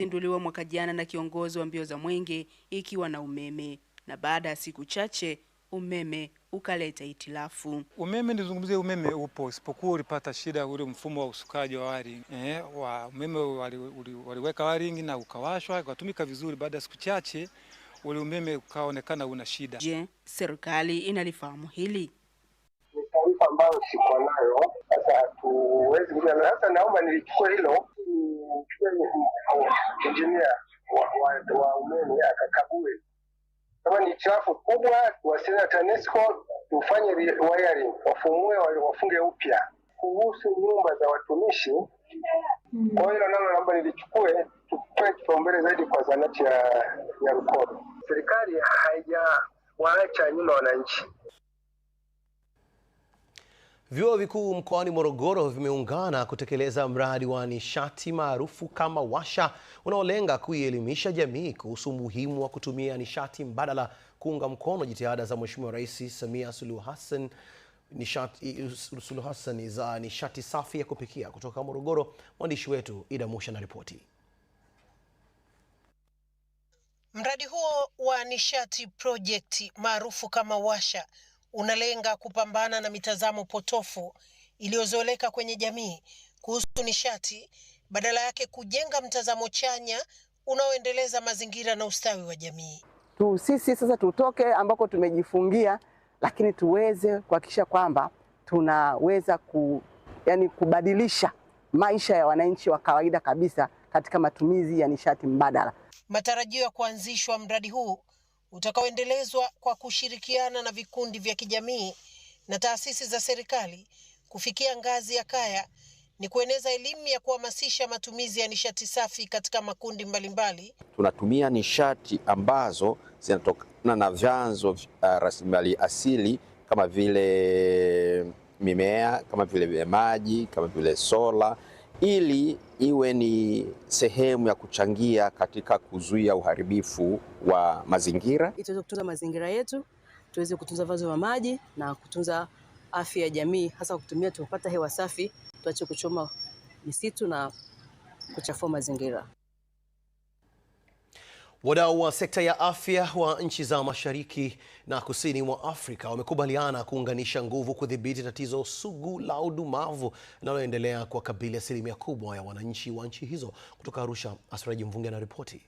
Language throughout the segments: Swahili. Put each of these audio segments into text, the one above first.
zinduliwa mwaka jana na kiongozi wa mbio za mwenge ikiwa na umeme, na baada ya siku chache umeme ukaleta itilafu. Umeme nizungumzie, umeme upo, isipokuwa ulipata shida ule mfumo wa usukaji wa wari eh, wa umeme wali, wali, waliweka waringi na ukawashwa ukatumika vizuri. Baada ya siku chache ule umeme ukaonekana una shida. Je, serikali inalifahamu hili? Ni taarifa ambayo siko nayo sasa, tuwezi sasa, naomba nilichukue hilo injinia wa, wa umeme akakague kama ni trafu kubwa, tuwasiliana TANESCO tufanye wiring, wafumue, wafunge upya. Kuhusu nyumba za watumishi, hmm. kwa hiyo nalo naomba nilichukue, tutoe kipaumbele zaidi kwa zanati ya, ya Rukoro. Serikali haijawaacha nyuma wananchi. Vyuo vikuu mkoani Morogoro vimeungana kutekeleza mradi wa nishati maarufu kama Washa unaolenga kuielimisha jamii kuhusu umuhimu wa kutumia nishati mbadala kuunga mkono jitihada za Mheshimiwa Rais Samia Suluhu Hassan Suluhu Hassan za nishati safi ya kupikia. Kutoka Morogoro, mwandishi wetu Ida Musha na ripoti. Mradi huo wa nishati project maarufu kama Washa unalenga kupambana na mitazamo potofu iliyozoeleka kwenye jamii kuhusu nishati, badala yake kujenga mtazamo chanya unaoendeleza mazingira na ustawi wa jamii. Tu sisi sasa tutoke ambako tumejifungia, lakini tuweze kuhakikisha kwamba tunaweza ku, yani kubadilisha maisha ya wananchi wa kawaida kabisa katika matumizi ya nishati mbadala. Matarajio ya kuanzishwa mradi huu utakaoendelezwa kwa kushirikiana na vikundi vya kijamii na taasisi za serikali kufikia ngazi ya kaya ni kueneza elimu ya kuhamasisha matumizi ya nishati safi katika makundi mbalimbali. Tunatumia nishati ambazo zinatokana na vyanzo uh, rasilimali asili kama vile mimea, kama vile maji, kama vile sola ili iwe ni sehemu ya kuchangia katika kuzuia uharibifu wa mazingira, ili tuweze kutunza mazingira yetu, tuweze kutunza vyanzo vya maji na kutunza afya ya jamii, hasa kutumia tupata hewa safi, tuache kuchoma misitu na kuchafua mazingira. Wadau wa sekta ya afya wa nchi za mashariki na kusini mwa Afrika wamekubaliana kuunganisha nguvu kudhibiti tatizo sugu la udumavu linaloendelea kuwakabili asilimia kubwa ya wananchi wa nchi hizo. Kutoka Arusha, Asraji na ripoti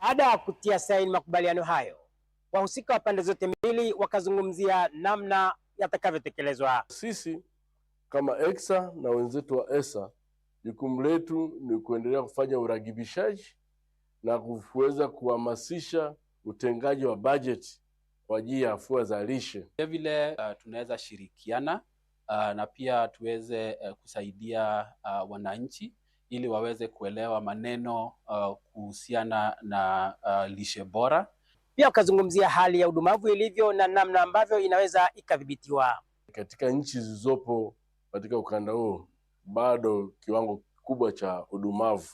Baada ya kutia saini makubaliano hayo, wahusika wa pande zote mbili wakazungumzia namna yatakavyotekelezwa. Sisi kama ECSA na wenzetu wa ESA, jukumu letu ni kuendelea kufanya uragibishaji na kuweza kuhamasisha utengaji wa bajeti kwa ajili ya afua za lishe. Vilevile uh, tunaweza shirikiana uh, na pia tuweze uh, kusaidia uh, wananchi ili waweze kuelewa maneno uh, kuhusiana na uh, lishe bora. Pia ukazungumzia hali ya udumavu ilivyo na namna ambavyo inaweza ikadhibitiwa katika nchi zilizopo katika ukanda huo Bado kiwango kikubwa cha udumavu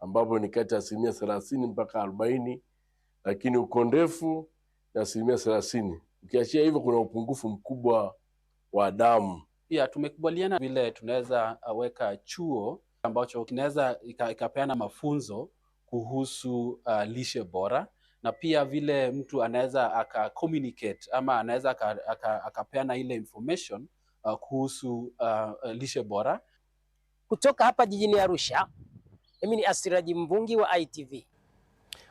ambapo ni kati ya asilimia thelathini mpaka arobaini, lakini uko ndefu ni asilimia thelathini. Ukiachia hivyo, kuna upungufu mkubwa wa damu. Pia tumekubaliana vile tunaweza uh, weka chuo ambacho kinaweza ikapeana mafunzo kuhusu uh, lishe bora na pia vile mtu anaweza aka communicate ama anaweza akapeana aka ile information uh, kuhusu uh, lishe bora kutoka hapa jijini Arusha. Mimi ni Asiraji Mvungi wa ITV.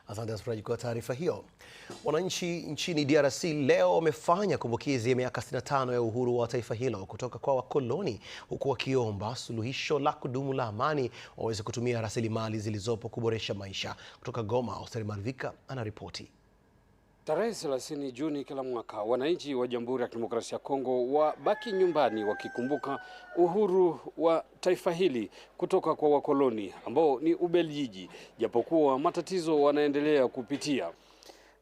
Asante Asiraji kwa taarifa hiyo. Wananchi nchini DRC leo wamefanya kumbukizi ya miaka 65 ya uhuru wa taifa hilo kutoka kwa wakoloni, huku wakiomba suluhisho la kudumu la amani, waweze kutumia rasilimali zilizopo kuboresha maisha. Kutoka Goma, oster Marvika anaripoti. Tarehe 30 Juni kila mwaka wananchi wa Jamhuri ya Kidemokrasia ya Kongo wabaki nyumbani wakikumbuka uhuru wa taifa hili kutoka kwa wakoloni ambao ni Ubelgiji, japokuwa matatizo wanaendelea kupitia.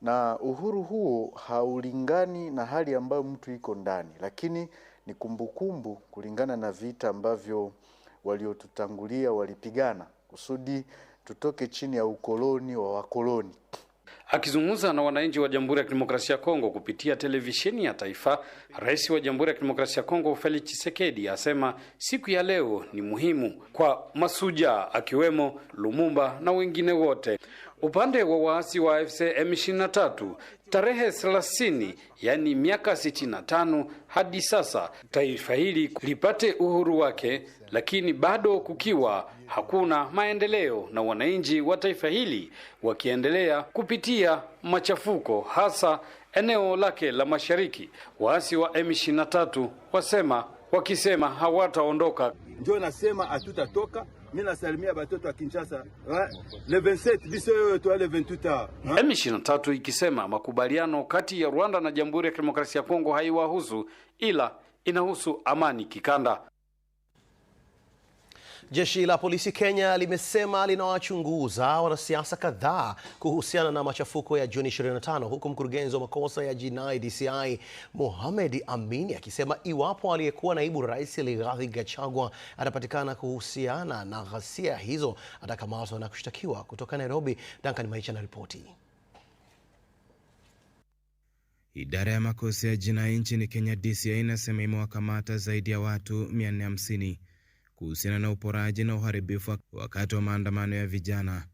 Na uhuru huo haulingani na hali ambayo mtu iko ndani, lakini ni kumbukumbu kulingana na vita ambavyo waliotutangulia walipigana kusudi tutoke chini ya ukoloni wa wakoloni. Akizungumza na wananchi wa Jamhuri ya Kidemokrasia ya Kongo kupitia televisheni ya taifa, Rais wa Jamhuri ya Kidemokrasia ya Kongo Felix Tshisekedi asema siku ya leo ni muhimu kwa masujaa akiwemo Lumumba na wengine wote. Upande wa waasi wa AFC M23 tarehe 30, yaani miaka 65 hadi sasa taifa hili lipate uhuru wake, lakini bado kukiwa hakuna maendeleo na wananchi wa taifa hili wakiendelea kupitia machafuko, hasa eneo lake la mashariki. Waasi wa M23 wasema wakisema hawataondoka, ndio nasema hatutatoka mimi nasalimia batoto wa Kinshasa le 27 biso yoyo toa le 28. M23 ikisema makubaliano kati ya Rwanda na Jamhuri ya Kidemokrasia ya Kongo haiwahusu ila inahusu amani kikanda. Jeshi la polisi Kenya limesema linawachunguza wanasiasa kadhaa kuhusiana na machafuko ya Juni 25 huku mkurugenzi wa makosa ya jinai DCI Mohamed amini akisema iwapo aliyekuwa naibu rais Rigathi Gachagua atapatikana kuhusiana na ghasia hizo atakamatwa na kushtakiwa. Kutoka Nairobi, Duncan Maisha na ripoti. Idara ya makosa ya jinai nchini Kenya DCI inasema imewakamata zaidi ya watu 450 kuhusiana na uporaji na uharibifu wakati wa maandamano ya vijana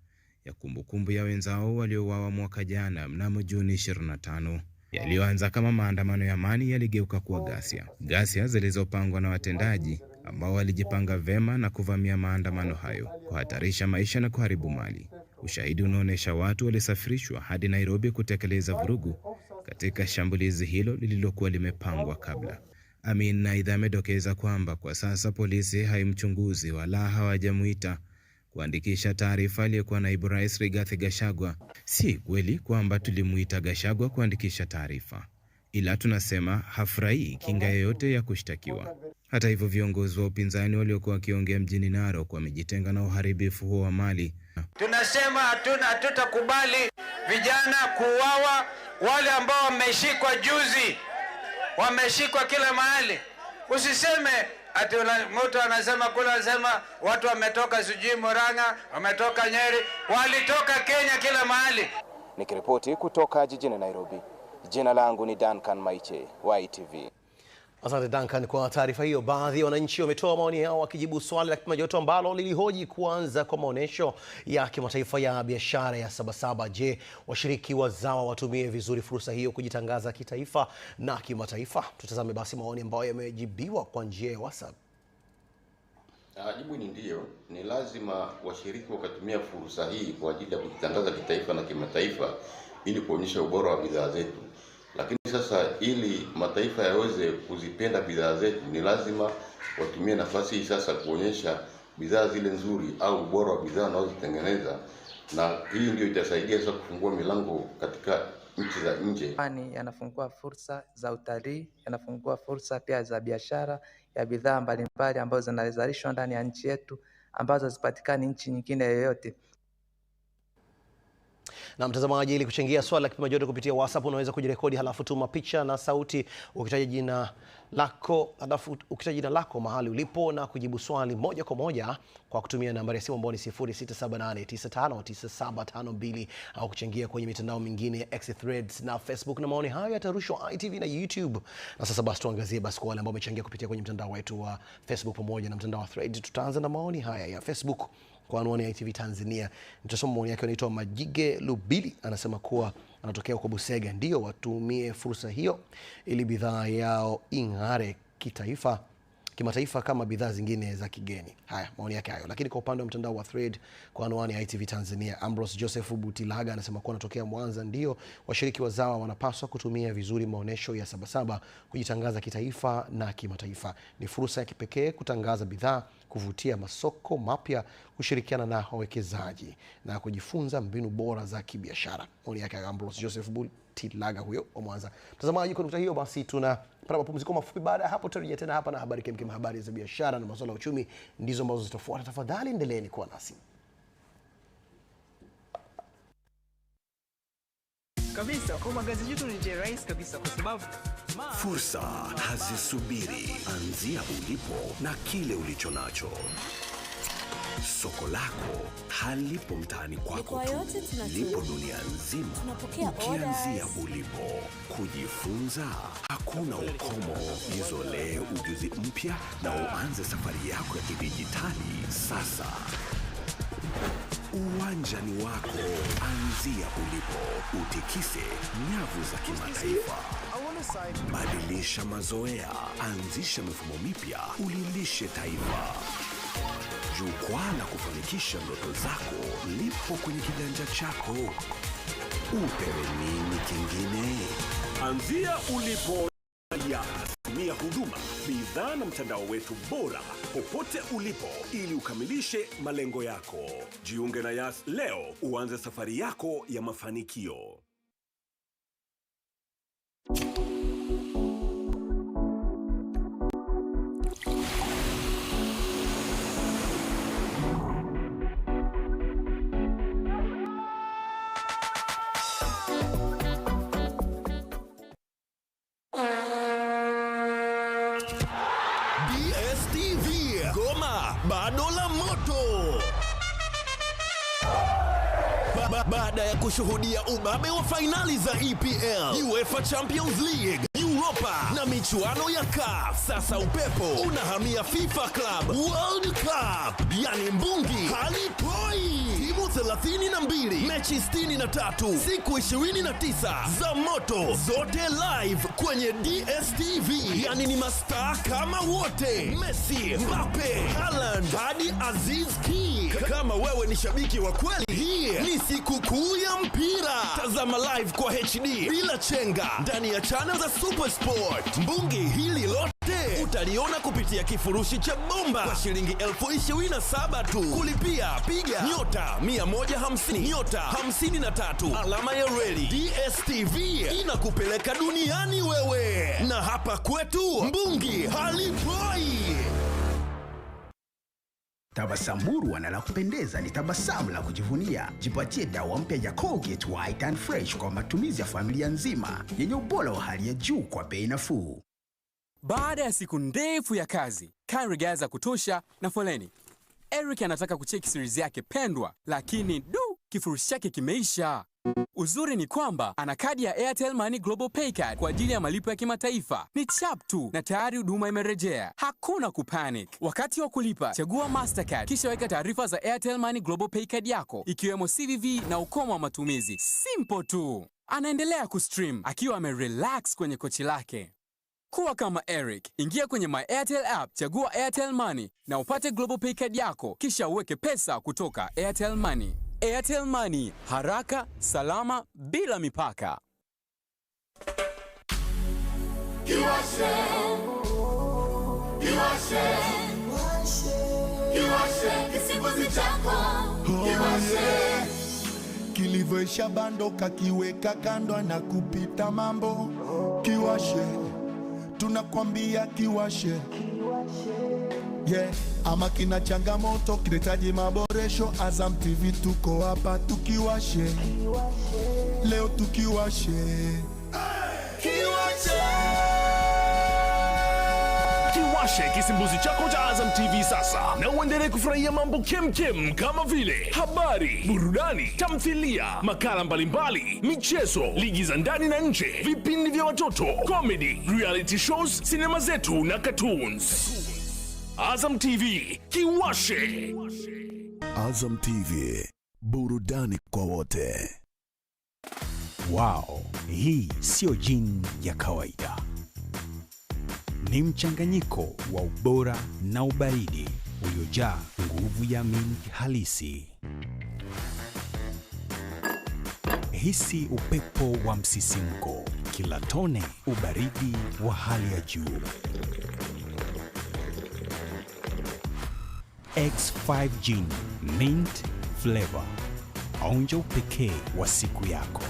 ya kumbukumbu ya wenzao waliouawa mwaka jana mnamo Juni 25. Yaliyoanza kama maandamano ya amani yaligeuka kuwa ghasia, ghasia zilizopangwa na watendaji ambao walijipanga vema na kuvamia maandamano hayo, kuhatarisha maisha na kuharibu mali. Ushahidi unaonyesha watu walisafirishwa hadi Nairobi kutekeleza vurugu katika shambulizi hilo lililokuwa limepangwa kabla. Amin aidha amedokeza kwamba kwa sasa polisi haimchunguzi wala hawajamuita kuandikisha taarifa aliyekuwa naibu rais Rigathi gashagwa Si kweli kwamba tulimuita gashagwa kuandikisha taarifa, ila tunasema hafurahii kinga yoyote ya kushtakiwa. Hata hivyo, viongozi wa upinzani waliokuwa wakiongea mjini Narok wamejitenga na uharibifu huo wa mali. Tunasema hatuna, hatutakubali vijana kuuawa, wale ambao wameshikwa juzi wameshikwa kila mahali. Usiseme ati mtu anasema kule, anasema watu wametoka sijui Murang'a, wametoka Nyeri, walitoka Kenya kila mahali. Nikiripoti kutoka jijini Nairobi, jina langu ni Duncan Maiche wa ITV. Asante Duncan kwa taarifa hiyo. Baadhi ya wananchi wametoa maoni yao wakijibu swali la kipima joto ambalo lilihoji kuanza kwa maonyesho ya kimataifa ya biashara ya Sabasaba. Je, washiriki wazawa watumie vizuri fursa hiyo kujitangaza kitaifa na kimataifa? Tutazame basi maoni ambayo yamejibiwa kwa njia ya WhatsApp. Jibu ni ndiyo, ni lazima washiriki wakatumia fursa hii kwa ajili ya kujitangaza kitaifa na kimataifa ili kuonyesha ubora wa bidhaa zetu. Sasa ili mataifa yaweze kuzipenda bidhaa zetu, ni lazima watumie nafasi hii sasa kuonyesha bidhaa zile nzuri au ubora wa bidhaa wanazotengeneza, na hii ndio itasaidia sasa kufungua milango katika nchi za nje, Yani yanafungua fursa za utalii, yanafungua fursa pia za biashara ya bidhaa mbalimbali ambazo zinazalishwa ndani ya nchi yetu ambazo hazipatikani nchi nyingine yoyote. Na mtazamaji, ili kuchangia swali la kipima joto kupitia WhatsApp, unaweza kujirekodi, halafu tuma picha na sauti ukitaja jina lako, halafu ukitaja jina lako, mahali ulipo na kujibu swali moja kwa moja kwa kutumia nambari ya simu ambayo ni 0678959752 au kuchangia kwenye mitandao mingine ya X Threads na Facebook, na maoni hayo yatarushwa ITV na YouTube. Na sasa basi tuangazie basi kwa wale ambao wamechangia kupitia kwenye mtandao wetu wa Facebook pamoja na mtandao wa Threads. Tutaanza na maoni haya ya Facebook kwa anwani ya ITV Tanzania. Nitasoma maoni yake. Anaitwa Majige Lubili, anasema kuwa anatokea huko Busega. Ndiyo, watumie fursa hiyo ili bidhaa yao ing'are kitaifa kimataifa kama bidhaa zingine za kigeni. Haya, maoni yake hayo. Lakini kwa upande wa mtandao wa Thread kwa anwani ya ITV Tanzania, Ambrose Joseph Butilaga anasema kuwa anatokea Mwanza. Ndio, washiriki wazawa wanapaswa kutumia vizuri maonyesho ya Sabasaba kujitangaza kitaifa na kimataifa. Ni fursa ya kipekee kutangaza bidhaa kuvutia masoko mapya, kushirikiana na wawekezaji na kujifunza mbinu bora za kibiashara. Maoni yake Ambrose Joseph Butilaga huyo wa Mwanza. Mtazamaji, kwa nukta hiyo basi tuna pata mapumziko mafupi. Baada ya hapo tutarejea tena hapa na habari kemkem, habari za biashara na masuala ya uchumi ndizo ambazo zitafuata. Tafadhali endeleeni kuwa nasi. kabisa kwa magazi yetu ni rais kabisa, kwa sababu fursa hazisubiri. Anzia ulipo na kile ulicho nacho. Soko lako halipo mtaani kwako lipo dunia nzima. Ukianzia ulipo kujifunza, hakuna ukomo. Jizolee ujuzi mpya na uanze safari yako ya kidijitali sasa. Uwanja ni wako, anzia ulipo, utikise nyavu za kimataifa. Badilisha mazoea, anzisha mifumo mipya, ulilishe taifa. Jukwaa la kufanikisha ndoto zako lipo kwenye kiganja chako. Upewe nini kingine? Anzia ulipo ya huduma, bidhaa na mtandao wetu bora popote ulipo ili ukamilishe malengo yako. Jiunge na Yas leo uanze safari yako ya mafanikio. baada ya kushuhudia ubabe wa fainali za EPL, UEFA Champions League Kopa na michuano ya CAF. Sasa upepo unahamia FIFA Club World Cup, yani mbungi halipoi. Timu 32 mechi 63 siku 29 za moto, zote live kwenye DSTV. Yani ni mastaa kama wote, Messi, Mbappe, Haaland hadi Aziz Ki. Kama wewe ni shabiki wa kweli, hii ni sikukuu ya mpira. Tazama live kwa HD bila chenga ndani ya chana za Super Sport. Sport. Mbungi hili lote utaliona kupitia kifurushi cha bomba kwa shilingi elfu ishirini na saba tu. Kulipia piga nyota 150 nyota 53 alama ya reli. DSTV inakupeleka duniani wewe, na hapa kwetu Mbungi halipoi. Tabasamurwa na la kupendeza ni tabasamu la kujivunia. Jipatie dawa mpya ya Colgate White and Fresh kwa matumizi ya familia nzima yenye ubora wa hali ya juu kwa bei nafuu. Baada ya siku ndefu ya kazi, kari za kutosha na foleni, Eric anataka kucheki series yake pendwa, lakini du, kifurushi chake kimeisha. Uzuri ni kwamba ana kadi ya Airtel Money Global Pay Card kwa ajili ya malipo ya kimataifa. Ni chap tu na tayari huduma imerejea. Hakuna kupanic. Wakati wa kulipa, chagua Mastercard kisha weka taarifa za Airtel Money Global Pay Card yako ikiwemo CVV na ukomo wa matumizi. Simple tu. Anaendelea kustream akiwa amerelax kwenye kochi lake. Kuwa kama Eric, ingia kwenye My Airtel app, chagua Airtel Money na upate Global Pay Card yako kisha uweke pesa kutoka Airtel Money. Airtel Money, haraka, salama, bila mipaka. Kilivyoisha bando kakiweka kando na kupita mambo. Kiwashe, tunakwambia kiwashe, kiwashe yeah. Ama kina changamoto kinahitaji maboresho, Azam TV tuko hapa tukiwashe, leo tukiwashe, kiwashe, kiwashe kisimbuzi chako cha Azam TV sasa, na uendelee kufurahia mambo kemkem kama vile habari, burudani, tamthilia, makala mbalimbali, michezo, ligi za ndani na nje, vipindi vya watoto, comedy, reality shows, sinema zetu na cartoons. Azam TV kiwashe. Azam TV burudani kwa wote. wao hii siyo jini ya kawaida, ni mchanganyiko wa ubora na ubaridi uliojaa nguvu ya milk halisi. Hisi upepo wa msisimko, kila tone ubaridi wa hali ya juu. X5 Gin Mint Flavor, onja upekee wa siku yako.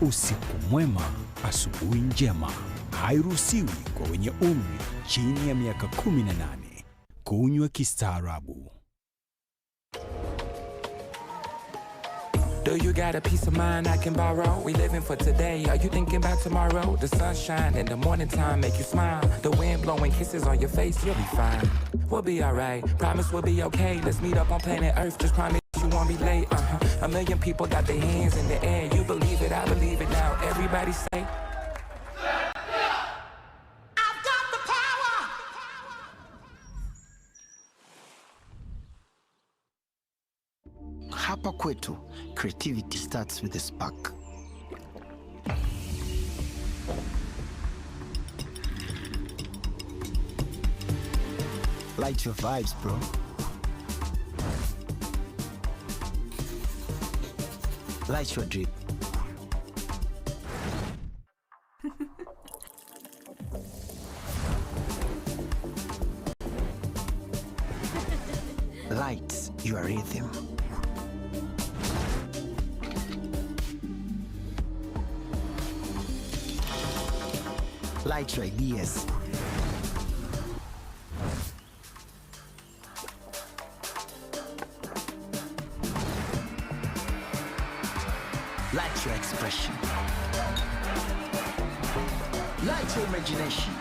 Usiku mwema, asubuhi njema. Hairuhusiwi kwa wenye umri chini ya miaka 18 kunywa kistaarabu. Do you got a piece of mind I can borrow? We living for today. Are you thinking about tomorrow? The sunshine in the morning time make you smile. The wind blowing kisses on your face, you'll be fine. We'll be alright. Promise we'll be okay. Let's meet up on planet Earth. Just promise you won't be late. Uh huh. A million people got their hands in the air. You believe it, I believe it now. Everybody say hapa kwetu creativity starts with a spark. Light your vibes, bro. Light your drip. Light your rhythm. light right, DS. Light your expression. Light your imagination.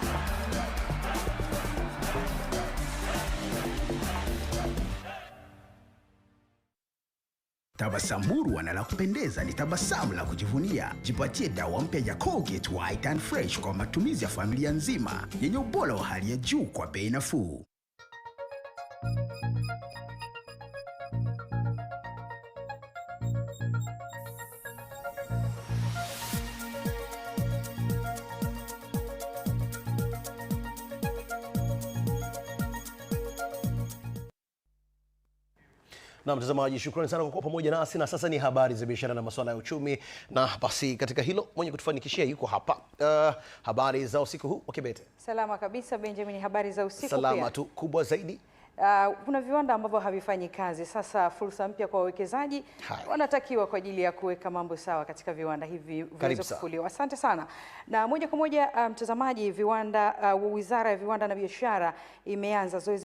Tabasamburu wana la kupendeza, ni tabasamu la kujivunia. Jipatie dawa mpya ya Colgate White and Fresh kwa matumizi ya familia nzima, yenye ubora wa hali ya juu kwa bei nafuu. Na mtazamaji, shukrani sana kwa kuwa pamoja nasi, na sasa ni habari za biashara na masuala ya uchumi, na basi katika hilo mwenye kutufanikishia yuko hapa. Uh, habari za usiku huu Wakibete? Salama kabisa Benjamin, habari za usiku salama tu kubwa zaidi Uh, kuna viwanda ambavyo havifanyi kazi. Sasa fursa mpya kwa wawekezaji wanatakiwa kwa ajili ya kuweka mambo sawa katika viwanda hivi viweze kufufuliwa. Asante sana. Na moja kwa moja ah, mtazamaji, um, viwanda uh, Wizara ya Viwanda na Biashara imeanza zoezi